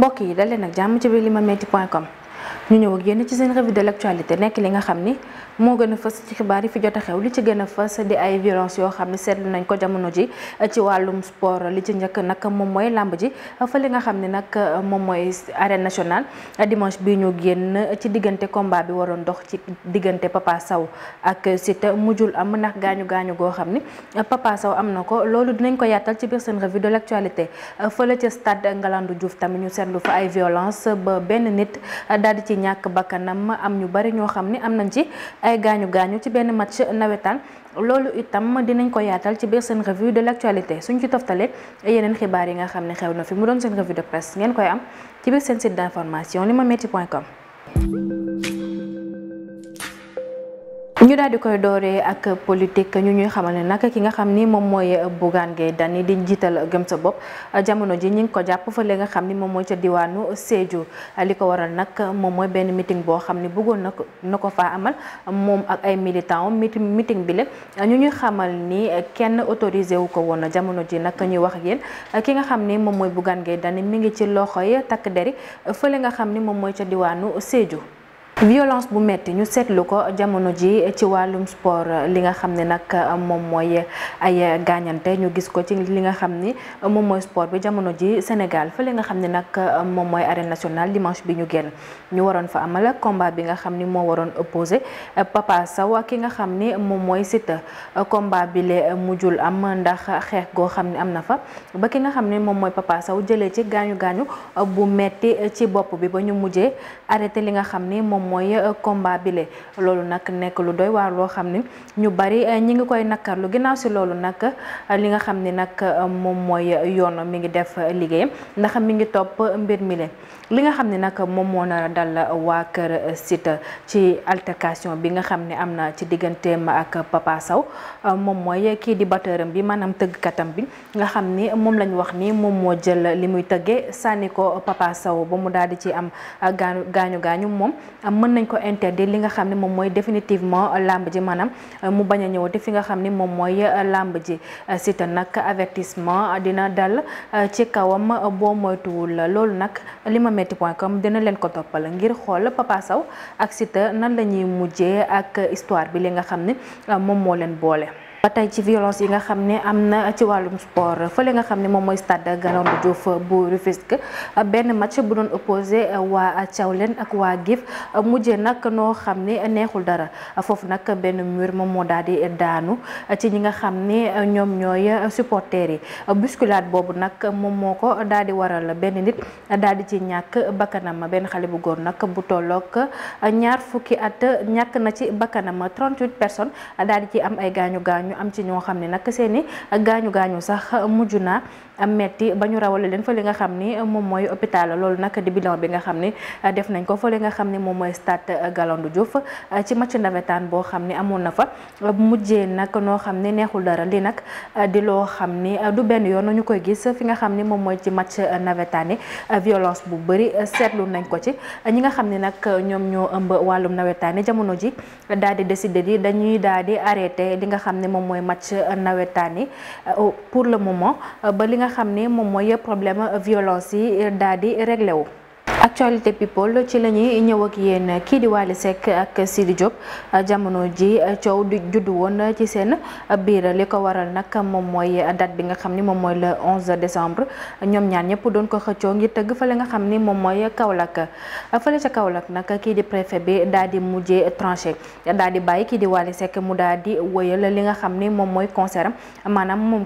bokk yi dal leen ak jàmm ci biir limametti point com ñu ñëw ak yéen ci seen revue de l'actualité nek li nga xamni mo moo fess ci xibaar yi fi jot a xew li ci gën fess di ay violence yo xamni sétlu nañ ko jamono ji ci walum sport li ci ñëk nak mom moy lamb ji fa li nga xamni nak mom moy arène nationale dimanche bi ñu gën ci diggante combat bi waron dox ci diggante Papa saw ak Siteu mujjul am nak gañu gañu go xamni Papa saw am nako lolu dinañ ko yaatal ci biir seen revue de l'actualité fële ci stade ngalandu Diouf tam ñu sétlu fa ay violence ba ben nit daal di ci ñàkk bakkanam am ñu bari ñoo xam ni am nañ ci ay gaañu gaañu ci benn match nawetaan loolu itam dinañ ko yaatal ci biir seen revue de l'actualité suñ ci toftalee yeneen xibaar yi nga xam ne xew na fi mu doon seen revue de presse ngeen koy am ci biir seen site d'information limametti point com ñu daal di koy dooree ak politique ñu ñuy xamal ne nag ki nga xam ni moom mooy Bougane Gueye Dany di eh, eh, jiital gëm sa bopp jamono ji ko jàpp fa nga xam ni moom mooy ca diwaanu Sédhiou waral meeting bo xam ni bëggoon na ko amal eh, moom ak ay militant meeting bi lépp ñu ñuy xamal ni kenn autorisé wu ko woon jamono ji nag ñuy wax ak yéen ki nga xam ni moom mooy Bougane Gueye Dany mi ngi ci loxoy takk deri nga violence bu metti ñu seetlu ko jamono ji ci wàllum sport li nga xam ne nag moom mooy ay gaañante ñu gis ko ci li nga xam ni moom mooy sport bi jamono ji Sénégal fële nga xam ne nag moom mooy arène nationale dimanche bi ñu génn ñu waroon fa amal combat bi nga xam ni moo waroon opposé Papa Sow ki nga xam ni moom mooy Siteu combat bi mujjul am ndax xeex goo xam ne am na fa ba ki nga xam ne moom mooy Papa Sow jëlee ci gaañu gaañu bu metti ci bopp bi ba ñu mujjee arrêté li nga xam ni moom mooy euh, combat bile loolu nag nekk lu doy waar loo xam ne ñu bari euh, ñi ngi koy nakkarlu ginnaaw si loolu nag euh, li nga xam ni nag moom mooy yoon mi ngi def liggéeyam ndax mi ngi topp mbir mi leen li nga xam ne nag a dal uh, waa kër uh, Siteu uh, ci altercation bi nga xam ne am ci ak Papa Sow moom mooy ki di batteuram bi maanaam tëggkatam bi nga xam mom moom lañ wax ni moom moo jël li muy tëggee Papa Sow ba mu daal di ci am gaañu gaañu mom am mën nañ ko interdire li nga xam ne moom mooy définitivement làmb ji maanaam mu bañ a ñëwati nga xam ni moom mooy ji Siteu nag avertissement dina dal ci kawam bo moytuwul loolu nag li comme dina leen ko toppal ngir xool Papa Sow ak Siteu nan la ñuy mujjee ak histoire bi li nga xam ne moom moo leen boole. ba tey ci violence yi nga xam ne am na ci wàllum sport fële nga xam ne moom mooy stade Galandou Diouf bu Rufisque benn match bu doon opposé waa Thiawlène ak waa Gif mujje nag noo xam ne neexul dara foofu nag benn mur moom moo daal di daanu ci ñi nga xam ne ñoom ñooy supporters yi bousculade boobu nag moom moo ko dal di waral la benn nit dal di ci ñàkk bakkanam benn xale bu góor nag bu tolloog ñaar fukki at ñàkk na ci bakkanam 38 personnes daal di ci am ay gaañu gaañu am ci ñoo xam ne nag seen i gaañu gaañu sax mujj naa am metti ba ñu rawale leen fa li nga xam ni moom mooy hôpital loolu nag di bilan bi nga xam ni euh, def nañ ko fa li nga xam ni moom mooy stade euh, Galandou Diouf euh, ci match nawetaan boo xam ni amoon na fa mujje nag noo xam ni neexul dara li nag di loo xam ni du benn yoon ñu koy gis fi nga xam ni moom mooy ci match nawetaan yi violence bu bëri seetlu nañ ko ci ñi nga xam ni nag ñoom ñoo ëmb wàllum nawetaan yi jamono ji daal di décider yi dañuy daal di arrêté li nga xam ni moom mooy match nawetaan yi pour le moment nga xam ne moom mooy problème violence yi daal di réglé wu. actualité people ci la ñuy ñëw ak yéen kii di Wally Seck ak Sidi Diop jamono ji coow di judd woon ci seen biir li waral nag moom mooy date bi nga xam ni moom le 11 décembre ñoom ñaar ñëpp doon ko xëccoo ngir tëgg fële nga xam ni moom mooy Kaolack fële ca Kaolack nag kii di préfet bi daal di mujjee tranché daal di bàyyi di Wally Seck mu daal di wëyal li nga xam ni moom concert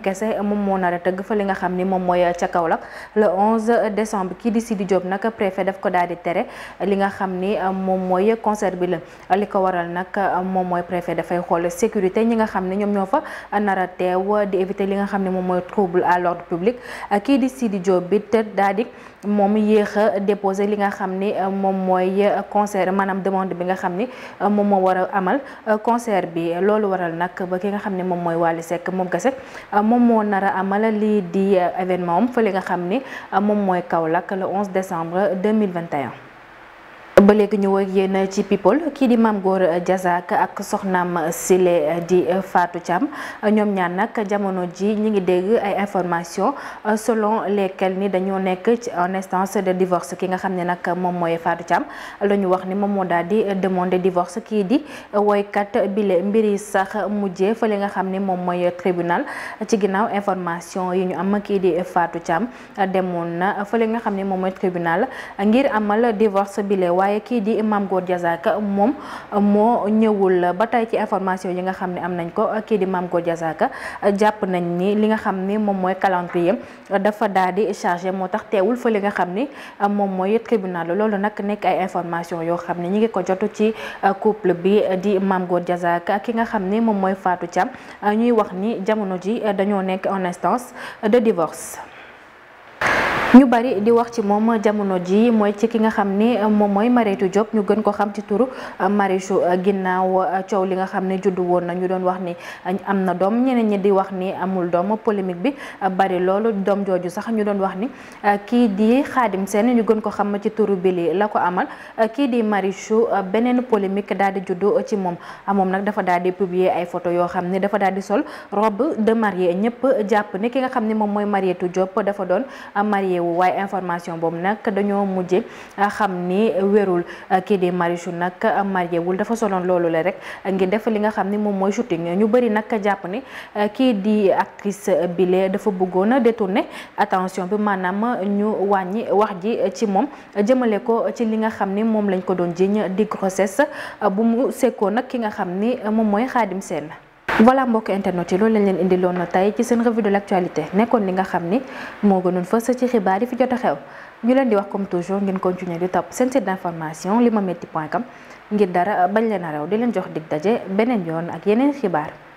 kese moom moo nar a tëgg fële nga xam ni moom mooy le 11 décembre kii di Sidi Diop nag préfet daf ko daal di tere li nga xam ni euh, moom mooy concert bi la li ko waral nag euh, moom mooy préfet dafay xool sécurité ñi nga xam ne ñoom ñoo fa nar a teew di éviter li nga xam ne moom mooy trouble à l'ordre public euh, kii di Sidi Diop bi te daal Mom yéex a déposé li nga xamné euh, mom euh, concert manam demande bi nga xamné euh, amal concert bi lolu waral nak ba ki nga amal li di événement nga xamné mom le 11 décembre 2021 ba léegi ñu woy yéen ci people kii di Mame Gor Diazaka ak soxnaam Sile di faatu Thiam ñoom ñaar nag jamono ji ñu ngi dégg ay informations selon lesquelles ni dañoo nekk ci en instance de divorce ki nga xam ne nag moom mooy Fatou Thiam la ñu wax ni moom moo daal di demander divorce kii di woykat bile mbiri sax mujjee fa nga xam ni moom mooy tribunal ci ginnaaw information yi ñu am kii di Fatou Thiam demoon na fa li nga xam ni moom mooy tribunal ngir amal divorce bile waaye kii di Mame Goor Diazaka moom moo ñëwul ba tey ci information yi nga xam ne am nañ ko kii di Mame Goor Diazaka jàpp nañ ni li nga xam ni moom mooy calendrier dafa daal di chargé moo tax teewul fa li nga xam ni moom mooy tribunal loolu nag nekk ay information yoo xam ne ñi ngi ko jot ci couple bi di Mame Goor Diazaka ki nga xam ni moom mooy faatu Thiam ñuy wax ni jamono ji dañoo nekk en de divorce ñu bari di wax ci moom jamono ji mooy ci ki nga xam ni euh, moom mooy Mariétou ñu gën ko xam ci turu euh, Marichou euh, ginnaaw coow li nga xam juddu woon na ñu doon wax ni am na ñeneen ñi di wax ni amul doom polémique bi bari loolu dom jooju sax ñu doon wax ni kii di Khadim Sène ñu gën ko xam ci turu bili lako amal ki di Marichou beneen polémique daal di juddu ci moom ah, moom nag dafa daal di publier ay photo yoo xam ni dafa daal di sol robe de mariée ñëpp jàpp ni ki nga xam ni moom mooy Mariétou dafa doon wu waaye information boobu nag dañoo mujje ah, xam ni wérul ah, kii di Marichou nag ah, marié dafa soloon loolu la rek ngir def li nga xam ni moom mooy shooting ñu bëri nag jàpp ni kii di actrice bile dafa bëggoon a détourner attention bi maanaam ñu wàññi wax ji ci moom jëmale ko ci li nga xam ni moom lañ ko doon jiñ di grossesse bu mu sekkoo nag ki nga xam ni moom mooy Xaadim Seen voilà mbok internet yi loolu lañ leen indiloon na tey ci seen revue de l'actualité nekkoon ni nga xamni mo moo gënoon ci xibaar yi fi jot xew ñu leen di wax comme toujours ngeen continuer di topp seen site d'information limametti ngir dara bañ leena rew di leen jox dig dajé benen yoon ak yeneen xibaar